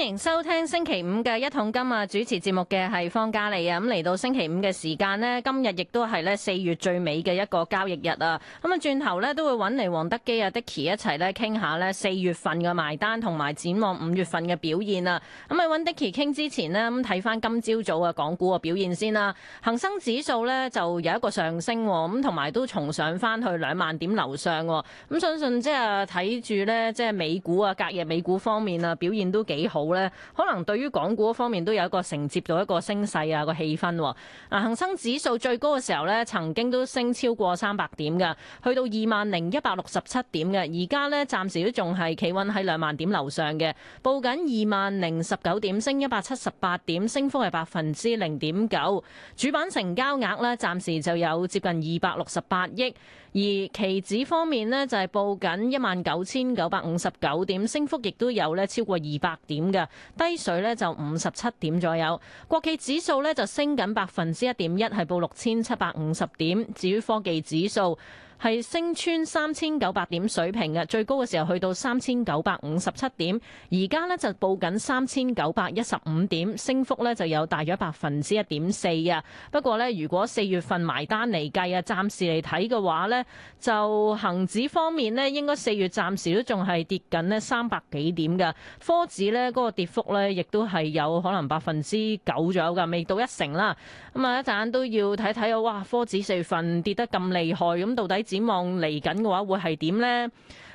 歡迎收聽星期五嘅一桶金啊！主持節目嘅係方嘉莉啊！咁嚟到星期五嘅時間咧，今日亦都係咧四月最尾嘅一個交易日啦。咁啊，轉頭咧都會揾嚟黃德幾啊、Dicky 一齊咧傾下咧四月份嘅埋單同埋展望五月份嘅表現啦。咁啊，揾 Dicky 傾之前咧，咁睇翻今朝早嘅港股嘅表現先啦。恒生指數咧就有一個上升，咁同埋都重上翻去兩萬點樓上。咁相信即係睇住咧，即係美股啊、隔夜美股方面啊，表現都幾好。咧，可能對於港股方面都有一個承接到一個升勢啊，個氣氛。嗱，恆生指數最高嘅時候咧，曾經都升超過三百點嘅，去到二萬零一百六十七點嘅。而家呢，暫時都仲係企穩喺兩萬點樓上嘅，報緊二萬零十九點，升一百七十八點，升幅係百分之零點九。主板成交額呢，暫時就有接近二百六十八億，而期指方面呢，就係報緊一萬九千九百五十九點，升幅亦都有咧超過二百點嘅。低水咧就五十七點左右，國企指數咧就升緊百分之一點一，係報六千七百五十點。至於科技指數，係升穿三千九百點水平嘅，最高嘅時候去到三千九百五十七點，而家呢就報緊三千九百一十五點，升幅呢就有大約百分之一點四啊。不過呢，如果四月份埋單嚟計啊，暫時嚟睇嘅話呢，就恆指方面呢，應該四月暫時都仲係跌緊呢三百幾點㗎，科指呢嗰個跌幅呢亦都係有可能百分之九左右噶，未到一成啦。咁啊一陣都要睇睇啊，哇！科指四月份跌得咁厲害，咁到底？展望嚟緊嘅話，會係點咧？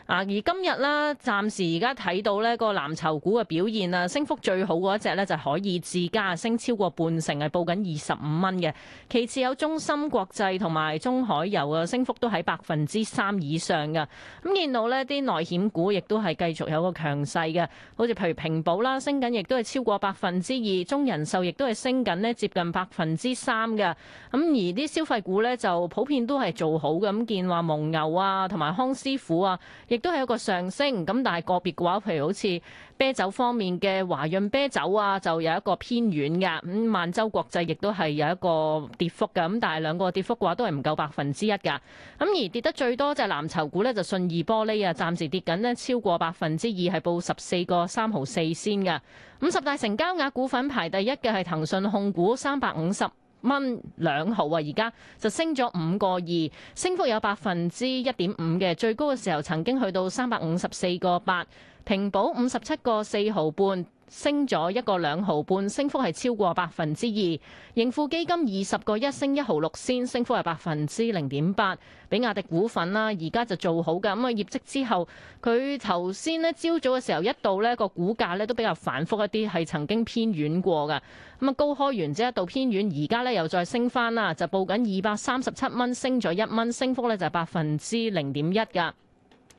啊！而今日呢，暫時而家睇到呢、這個藍籌股嘅表現啊，升幅最好嗰一隻呢，就係海爾智家，升超過半成，係報緊二十五蚊嘅。其次有中芯國際同埋中海油嘅升幅都喺百分之三以上嘅。咁見到呢啲內險股亦都係繼續有個強勢嘅，好似譬如平保啦，升緊亦都係超過百分之二，中人壽亦都係升緊呢接近百分之三嘅。咁而啲消費股呢，就普遍都係做好嘅，咁見話蒙牛啊同埋康師傅啊。亦都係一個上升咁，但係個別嘅話，譬如好似啤酒方面嘅華潤啤酒啊，就有一個偏遠嘅咁。萬洲國際亦都係有一個跌幅嘅咁，但係兩個跌幅嘅話都係唔夠百分之一㗎咁。而跌得最多就係藍籌股呢，就信義玻璃啊，暫時跌緊呢超過百分之二，係報十四個三毫四先嘅。五十大成交額股份排第一嘅係騰訊控股，三百五十蚊兩毫啊，而家就升咗五個二，升幅有百分之一點五嘅。最高嘅時候曾經去到三百五十四個八，平保五十七個四毫半。升咗一個兩毫半，升幅係超過百分之二。盈富基金二十個一升一毫六仙，先升幅係百分之零點八。比亞迪股份啦，而家就做好噶。咁啊業績之後，佢頭先呢朝早嘅時候一度呢個股價呢都比較反覆一啲，係曾經偏遠過嘅。咁啊高開完之後一度偏遠，而家呢又再升翻啦，就報緊二百三十七蚊，升咗一蚊，升幅呢就係百分之零點一㗎。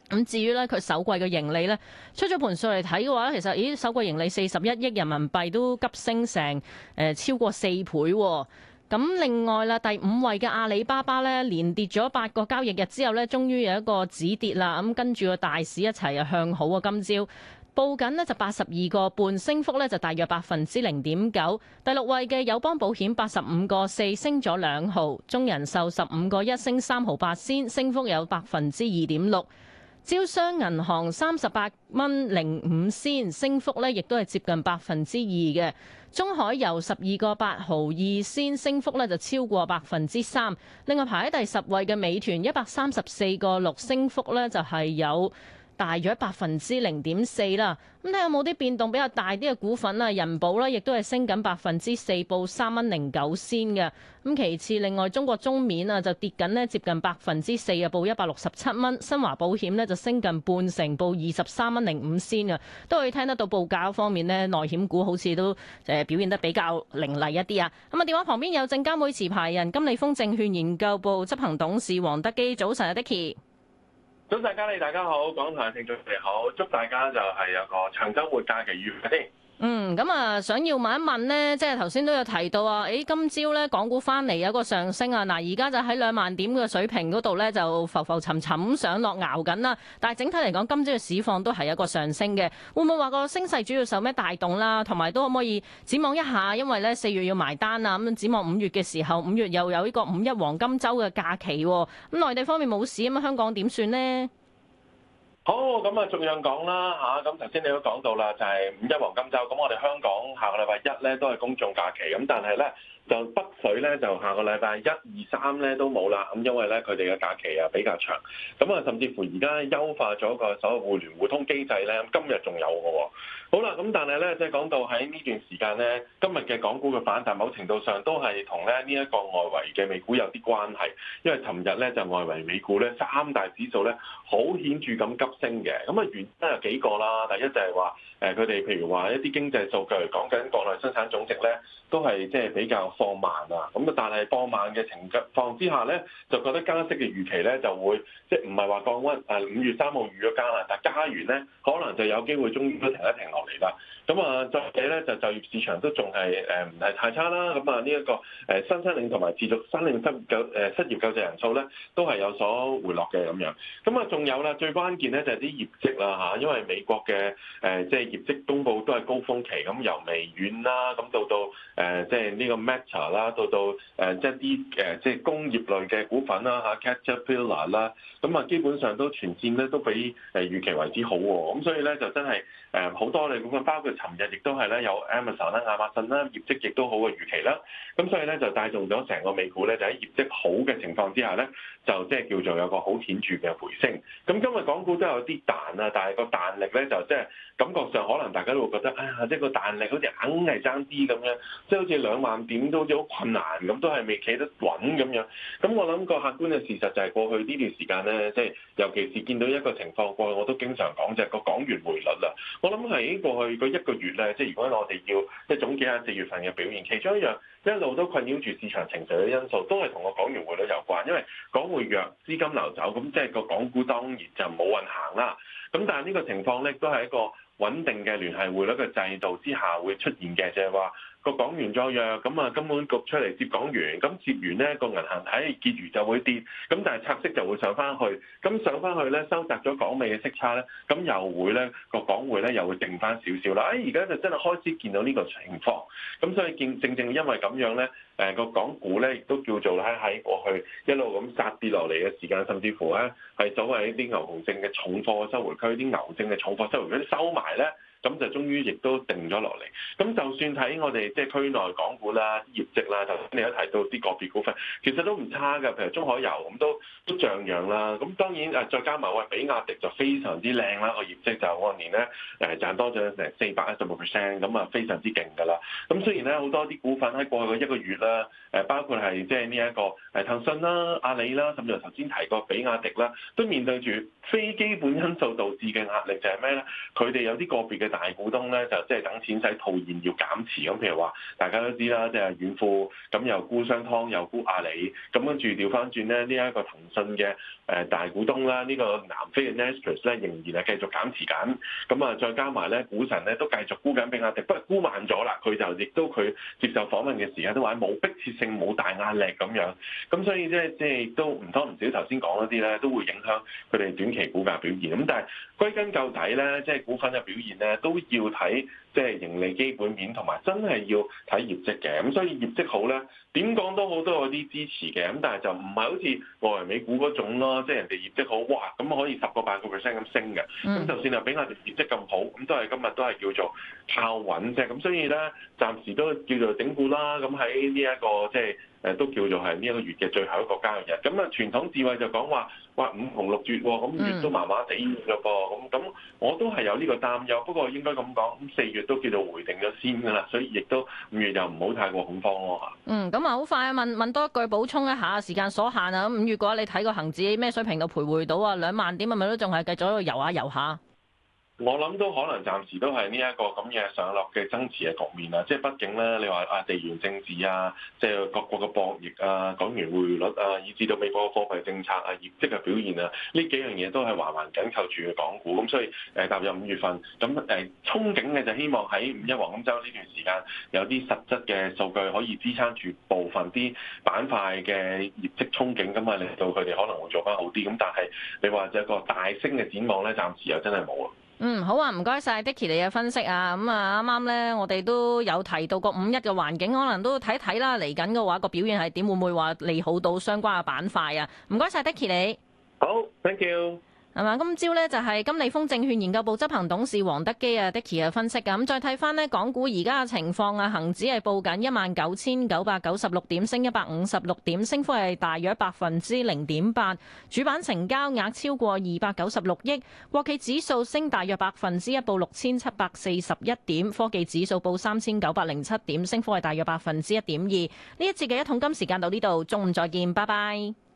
咁至於呢，佢首季嘅盈利呢出咗盤數嚟睇嘅話，其實咦首季盈利四十一億人民幣都急升成誒、呃、超過四倍啊。咁另外啦，第五位嘅阿里巴巴呢連跌咗八個交易日之後呢終於有一個止跌啦。咁跟住個大市一齊向好啊！今朝報緊呢就八十二個半，升幅呢就大約百分之零點九。第六位嘅友邦保險八十五個四，升咗兩毫；中人壽十五個一，升三毫八仙，升幅有百分之二點六。招商銀行三十八蚊零五仙，升幅呢亦都係接近百分之二嘅。中海油十二個八毫二仙，升幅呢就超過百分之三。另外排喺第十位嘅美團一百三十四個六，升幅呢就係有，大約百分之零點四啦，咁睇有冇啲變動比較大啲嘅股份啊？人保咧，亦都係升緊百分之四，報三蚊零九仙嘅。咁其次，另外中國中免啊，就跌緊呢接近百分之四啊，報一百六十七蚊。新華保險呢，就升近半成，報二十三蚊零五仙啊。都可以聽得到，報價方面呢，內險股好似都誒表現得比較凌厲一啲啊。咁啊，電話旁邊有證監會持牌人金利豐證券研究部執行董事黃德幾，早晨啊，Dicky。早晨，嘉麗，大家好，廣場嘅聽眾你好，祝大家就係有個長周末假期愉快先。嗯，咁、嗯、啊，想要問一問呢，即係頭先都有提到啊，誒，今朝咧港股翻嚟有一個上升啊，嗱，而家就喺兩萬點嘅水平嗰度咧，就浮浮沉沉上落熬緊啦。但係整體嚟講，今朝嘅市況都係有個上升嘅，會唔會話個升勢主要受咩帶動啦？同埋都可唔可以展望一下？因為咧四月要埋單啊，咁展望五月嘅時候，五月又有呢個五一黃金周嘅假期，咁內地方面冇市，咁香港點算呢？好，咁啊，逐樣講啦，吓，咁頭先你都講到啦，就係五一黃金周。咁我哋香港下個禮拜一咧都係公眾假期，咁但係咧。就北水咧，就下個禮拜一、二、三咧都冇啦。咁因為咧，佢哋嘅假期呀比較長。咁啊，甚至乎而家優化咗個所有互聯互通機制咧、哦，今日仲有嘅。好啦，咁但係咧，即係講到喺呢段時間咧，今日嘅港股嘅反彈，某程度上都係同咧呢一個外圍嘅美股有啲關係。因為尋日咧就外圍美股咧三大指數咧好顯著咁急升嘅。咁啊原因有幾個啦，第一就係話誒佢哋譬如話一啲經濟數據講緊國內生產總值咧，都係即係比較。放慢啊，咁啊，但係放慢嘅情況之下咧，就覺得加息嘅預期咧就會即係唔係話降溫啊。五月三號預咗加啦，但加完咧，可能就有機會終於都停一停落嚟啦。咁啊，再者咧就就業市場都仲係誒唔係太差啦。咁啊，呢一個誒新申領同埋持續新申領失誒失業救濟人數咧，都係有所回落嘅咁樣。咁啊，仲有啦，最關鍵咧就係啲業績啦嚇，因為美國嘅誒即係業績公布都係高峰期，咁由微軟啦，咁到到誒即係呢個查啦，到到誒即係啲誒即係工業類嘅股份啦嚇，Caterpillar 啦，咁啊基本上都全線咧都比誒預期為之好喎，咁所以咧就真係誒好多你股份，包括尋日亦都係咧有 Amazon, Amazon 啦、亞馬遜啦業績亦都好嘅預期啦，咁所以咧就帶動咗成個美股咧就喺業績好嘅情況之下咧，就即係叫做有個好顯著嘅回升。咁今日港股都有啲彈啊，但係個彈力咧就即係。感覺上可能大家都會覺得，唉，即係個彈力好似硬係爭啲咁樣，即係好似兩萬點都好似好困難咁，都係未企得穩咁樣。咁我諗個客觀嘅事實就係過去呢段時間咧，即係尤其是見到一個情況，過去我都經常講就係個港元匯率啦。我諗喺過去嗰一個月咧，即係如果我哋要即係總結下四月份嘅表現，其中一樣一路都困擾住市場情緒嘅因素，都係同個港元匯率有關。因為港匯弱，資金流走，咁即係個港股當然就冇運行啦。咁但係呢個情況咧，都係一個。穩定嘅聯繫匯率嘅制度之下，會出現嘅就係話。個港元作弱，咁啊金管局出嚟接港元，咁接完呢個銀行體系結餘就會跌，咁但係拆息就會上翻去，咁上翻去咧收窄咗港美嘅息差咧，咁又會咧個港匯咧又會定翻少少啦。哎，而家就真係開始見到呢個情況，咁所以見正正因為咁樣咧，誒個港股咧亦都叫做喺喺過去一路咁殺跌落嚟嘅時間，甚至乎咧係所謂一啲牛熊證嘅重貨收回區，啲牛證嘅重貨收回區收埋咧。咁就終於亦都定咗落嚟。咁就算睇我哋即係區內港股啦、業績啦，就你都提到啲個別股份，其實都唔差㗎。譬如中海油，咁都都像樣啦。咁當然誒，再加埋話，比亞迪就非常之靚啦。個業績就按年咧誒賺多咗成四百一十個 percent，咁啊非常之勁㗎啦。咁雖然咧好多啲股份喺過去嘅一個月啦，誒包括係即係呢一個誒騰訊啦、阿里啦，甚至係頭先提過比亞迪啦，都面對住非基本因素導致嘅壓力就，就係咩咧？佢哋有啲個別嘅。大股東咧就即、是、係等錢使套現要減持咁，譬如話大家都知啦，即、就、係、是、軟庫咁又沽商湯，又沽阿里，咁跟住調翻轉咧呢一個騰訊嘅誒大股東啦，呢、這個南非嘅 Naspers 咧仍然係繼續減持緊，咁啊再加埋咧股神咧都繼續沽緊比亞迪，不過沽慢咗啦，佢就亦都佢接受訪問嘅時間都話冇迫切性，冇大壓力咁樣，咁所以即係即係都唔多唔少頭先講嗰啲咧都會影響佢哋短期股價表現咁，但係歸根究底咧，即係股份嘅表現咧。都要睇即係盈利基本面，同埋真係要睇業績嘅。咁，所以業績好咧，點講都好，都有啲支持嘅咁，但係就唔係好似外圍美股嗰種咯，即係人哋業績好，哇咁可以十個八個 percent 咁升嘅，咁就算係，比亞迪業績咁好，咁都係今日都係叫做靠穩啫，咁所以咧暫時都叫做整固啦，咁喺呢一個即係。就是誒都叫做係呢一個月嘅最後一個交易日，咁啊傳統智慧就講話哇五紅六、那個、月，咁亦都麻麻地㗎噃，咁咁我都係有呢個擔憂，不過應該咁講，咁四月都叫做回定咗先㗎啦，所以亦都五月又唔好太過恐慌咯嚇。嗯，咁啊好快問問多一句補充一下，時間所限啊，咁五月嘅話，你睇個恆指咩水平度徘徊到啊兩萬點係咪游啊，游啊，咪都仲係計咗喺度遊下游下。我諗都可能暫時都係呢一個咁嘅上落嘅爭持嘅局面啊！即係畢竟咧，你話啊地緣政治啊，即係各國嘅博弈啊，港元匯率啊，以至到美國嘅貨幣政策啊，業績嘅表現啊，呢幾樣嘢都係環環緊扣住嘅港股咁，所以誒踏入五月份咁誒、呃，憧憬嘅就希望喺五一黃金周呢段時間有啲實質嘅數據可以支撐住部分啲板塊嘅業績憧憬咁啊，令到佢哋可能會做翻好啲咁。但係你話一個大升嘅展望咧，暫時又真係冇啊！嗯，好啊，唔該晒 Dickie 你嘅分析啊，咁、嗯、啊，啱啱咧，我哋都有提到個五一嘅環境，可能都睇睇啦，嚟緊嘅話個表現係點，會唔會話利好到相關嘅板塊啊？唔該晒 Dickie 你。好，Thank you。係嘛？今朝呢，就係金利豐證券研究部執行董事黃德幾啊，Dicky 啊分析。咁再睇翻呢港股而家嘅情況啊，恆指係報緊一萬九千九百九十六點，升一百五十六點，升幅係大約百分之零點八。主板成交額超過二百九十六億。國企指數升大約百分之一，報六千七百四十一點。科技指數報三千九百零七點，升幅係大約百分之一點二。呢一次嘅一桶金時間到呢度，中午再見，拜拜。